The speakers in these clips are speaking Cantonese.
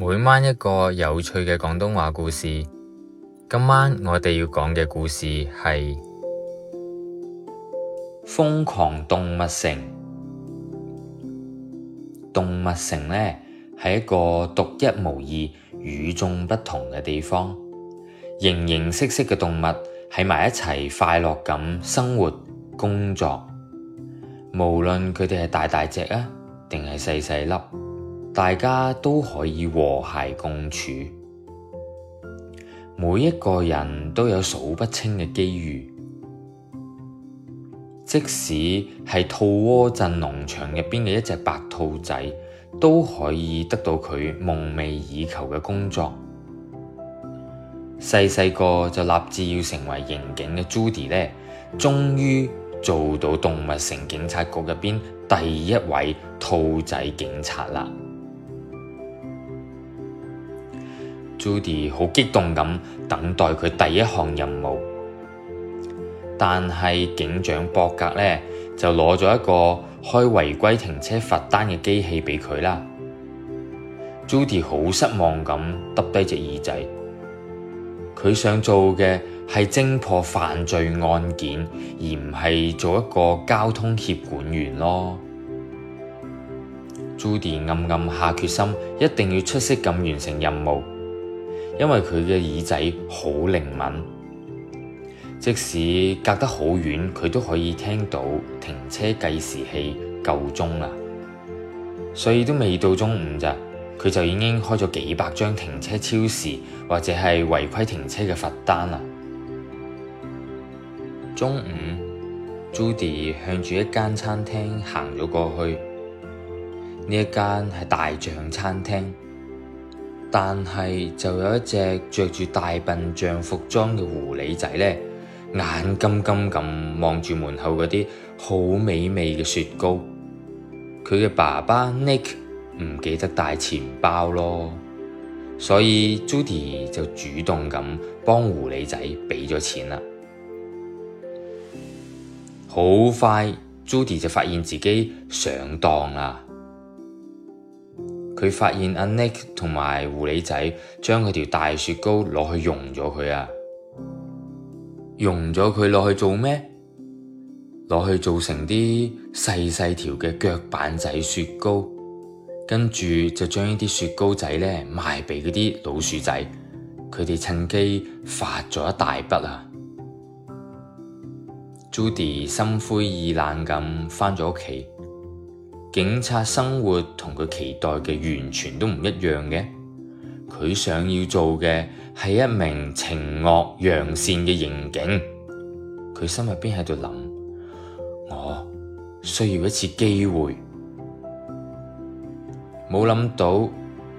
每晚一個有趣嘅廣東話故事，今晚我哋要講嘅故事係：《瘋狂動物城》。動物城呢，係一個獨一無二、與眾不同嘅地方，形形色色嘅動物喺埋一齊快樂咁生活工作，無論佢哋係大大隻啊，定係細細粒。大家都可以和諧共處，每一個人都有數不清嘅機遇，即使係兔窩鎮農場入邊嘅一隻白兔仔，都可以得到佢夢寐以求嘅工作。細細個就立志要成為刑警嘅 Judy 呢，終於做到動物城警察局入邊第一位兔仔警察啦。Judy 好激動咁等待佢第一項任務，但係警長博格呢就攞咗一個開違規停車罰單嘅機器畀佢啦。Judy 好失望咁耷低隻耳仔，佢想做嘅係偵破犯罪案件，而唔係做一個交通協管員咯。Judy 暗暗下決心，一定要出色咁完成任務。因為佢嘅耳仔好靈敏，即使隔得好遠，佢都可以聽到停車計時器夠鐘啦。所以都未到中午咋，佢就已經開咗幾百張停車超時或者係違規停車嘅罰單啦。中午，Judy 向住一間餐廳行咗過去，呢一間係大象餐廳。但係就有一隻着住大笨象服裝嘅狐狸仔咧，眼金金咁望住門口嗰啲好美味嘅雪糕。佢嘅爸爸 Nick 唔記得帶錢包咯，所以 Judy 就主動咁幫狐狸仔畀咗錢啦。好快 Judy 就發現自己上當啦。佢發現阿 Nick 同埋狐狸仔將佢條大雪糕攞去融咗佢啊！融咗佢攞去做咩？攞去做成啲細細條嘅腳板仔雪糕，跟住就將呢啲雪糕仔呢賣畀嗰啲老鼠仔。佢哋趁機發咗一大筆啊！Judy 心灰意冷咁返咗屋企。警察生活同佢期待嘅完全都唔一樣嘅，佢想要做嘅係一名懲惡揚善嘅刑警。佢心入邊喺度諗，我需要一次機會。冇諗到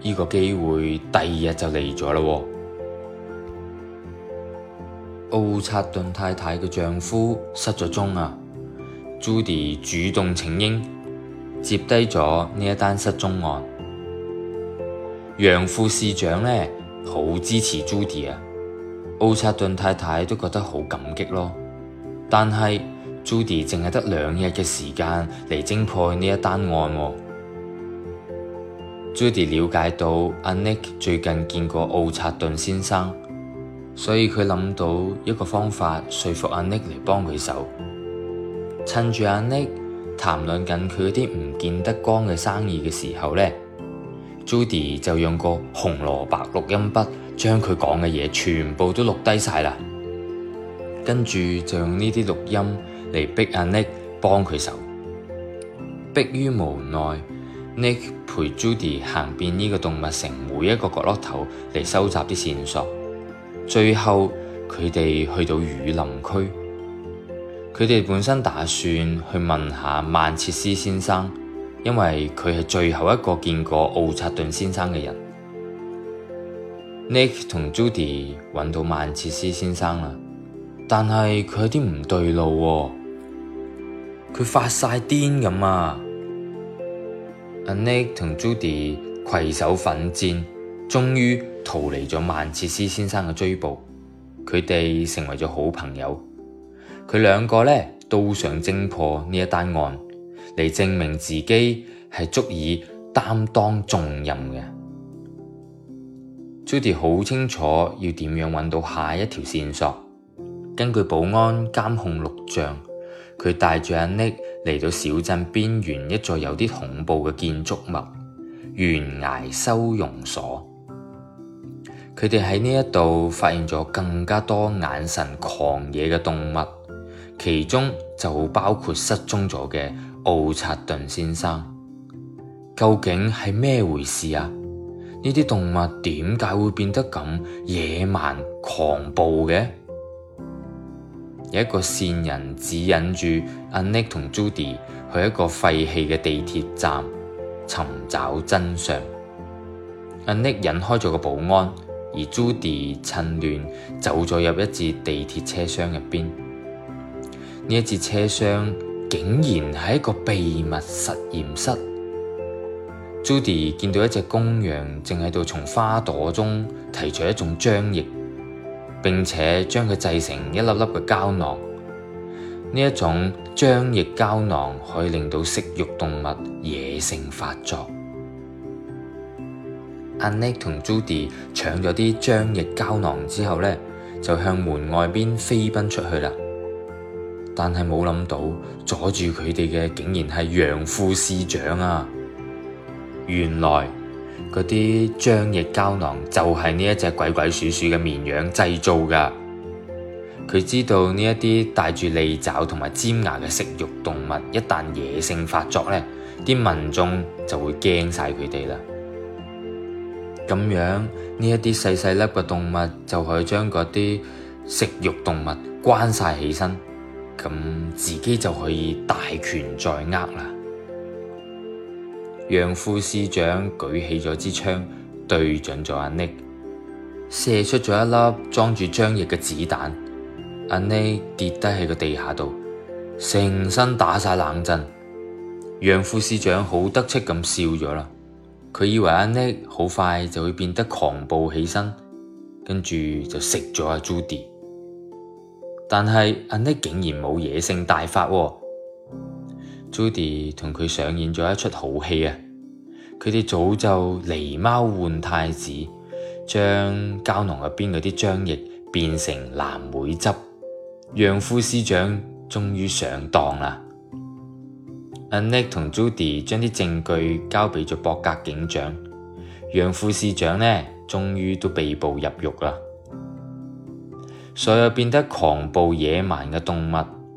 呢個機會第二日就嚟咗啦。奧察頓太太嘅丈夫失咗蹤啊，Judy 主動請纓。接低咗呢一單失蹤案，楊副市長呢好支持朱迪啊，奧察頓太太都覺得好感激咯。但 u 朱迪淨係得兩日嘅時間嚟偵破呢一單案啊。朱迪了解到阿 Nick 最近見過奧察頓先生，所以佢諗到一個方法說服阿 Nick 嚟幫佢手，趁住阿 Nick，談論緊佢啲唔見得光嘅生意嘅時候呢，Judy 就用個紅蘿蔔錄音筆將佢講嘅嘢全部都錄低晒啦，跟住就用呢啲錄音嚟逼阿 Nick 幫佢手，迫於無奈，Nick 陪 Judy 行遍呢個動物城每一個角落頭嚟收集啲線索，最後佢哋去到雨林區。佢哋本身打算去問下曼切斯先生，因為佢係最後一個見過奧查頓先生嘅人。Nick 同 Judy 揾到曼切斯先生啦，但係佢有啲唔對路喎，佢發晒癲咁啊！阿 Nick 同 Judy 攜手奮戰，終於逃離咗曼切斯先生嘅追捕，佢哋成為咗好朋友。佢兩個呢都想偵破呢一單案嚟證明自己係足以擔當重任嘅。Judy 好清楚要點樣揾到下一條線索。根據保安監控錄像，佢帶住阿 Nick 嚟到小鎮邊緣一座有啲恐怖嘅建築物——懸崖收容所。佢哋喺呢一度發現咗更加多眼神狂野嘅動物。其中就包括失蹤咗嘅奧察頓先生，究竟係咩回事啊？呢啲動物點解會變得咁野蠻狂暴嘅？有一個線人指引住阿 Nick 同 Judy 去一個廢棄嘅地鐵站尋找真相。阿 Nick 引開咗個保安，而 Judy 趁亂走咗入一節地鐵車廂入邊。呢一節車廂竟然係一個秘密實驗室。Judy 見到一隻公羊正喺度從花朵中提取一種漿液，並且將佢製成一粒粒嘅膠囊。呢一種漿液膠囊可以令到食肉動物野性發作。阿 Nick 同 Judy 搶咗啲漿液膠囊之後呢就向門外邊飛奔出去啦。但係冇諗到阻住佢哋嘅，竟然係楊副市長啊！原來嗰啲漿液膠囊就係呢一隻鬼鬼祟祟嘅綿羊製造噶。佢知道呢一啲帶住利爪同埋尖牙嘅食肉動物，一旦野性發作咧，啲民眾就會驚晒佢哋啦。咁樣呢一啲細細粒嘅動物就可以將嗰啲食肉動物關晒起身。咁自己就可以大權在握啦！楊副市長舉起咗支槍，對準咗阿 Nick，射出咗一粒裝住漿液嘅子彈。阿 Nick 跌低喺個地下度，成身打晒冷震。楊副市長好得戚咁笑咗啦，佢以為阿 Nick 好快就會變得狂暴起身，跟住就食咗阿朱迪。但係阿 Nick 竟然冇野性大發，哦，Judy 同佢上演咗一出好戲啊！佢哋早就狸貓換太子，將膠囊入邊嗰啲漿液變成藍莓汁，楊副市長終於上當啦！阿 Nick 同 Judy 將啲證據交俾咗博格警長，楊副市長呢，終於都被捕入獄啦。所有變得狂暴野蠻嘅動物，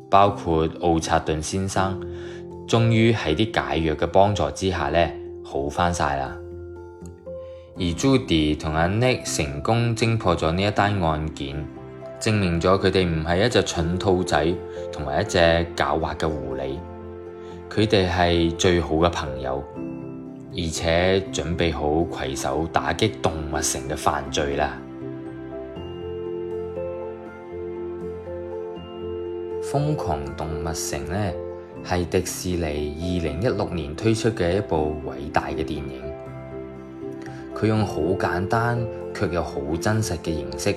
包括奧察頓先生，終於喺啲解藥嘅幫助之下呢，好翻曬啦。而朱迪同阿 Nick 成功偵破咗呢一單案件，證明咗佢哋唔係一隻蠢兔仔同埋一隻狡猾嘅狐狸，佢哋係最好嘅朋友，而且準備好攜手打擊動物城嘅犯罪啦。《瘋狂動物城》呢，係迪士尼二零一六年推出嘅一部偉大嘅電影，佢用好簡單卻又好真實嘅形式，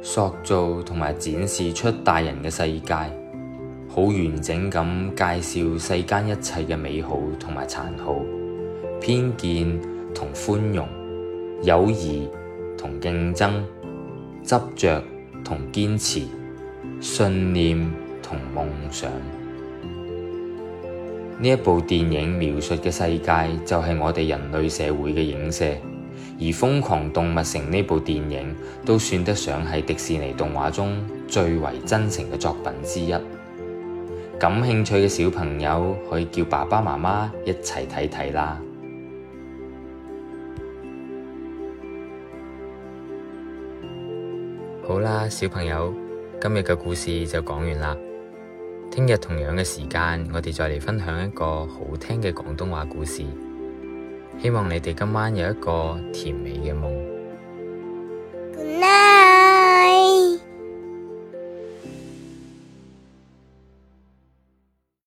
塑造同埋展示出大人嘅世界，好完整咁介紹世間一切嘅美好同埋殘酷、偏見同寬容、友誼同競爭、執着同堅持。信念同夢想，呢一部電影描述嘅世界就係我哋人類社會嘅影射，而《瘋狂動物城》呢部電影都算得上係迪士尼動畫中最為真誠嘅作品之一。感興趣嘅小朋友可以叫爸爸媽媽一齊睇睇啦。好啦，小朋友。今日嘅故事就講完啦，聽日同樣嘅時間，我哋再嚟分享一個好聽嘅廣東話故事，希望你哋今晚有一個甜美嘅夢。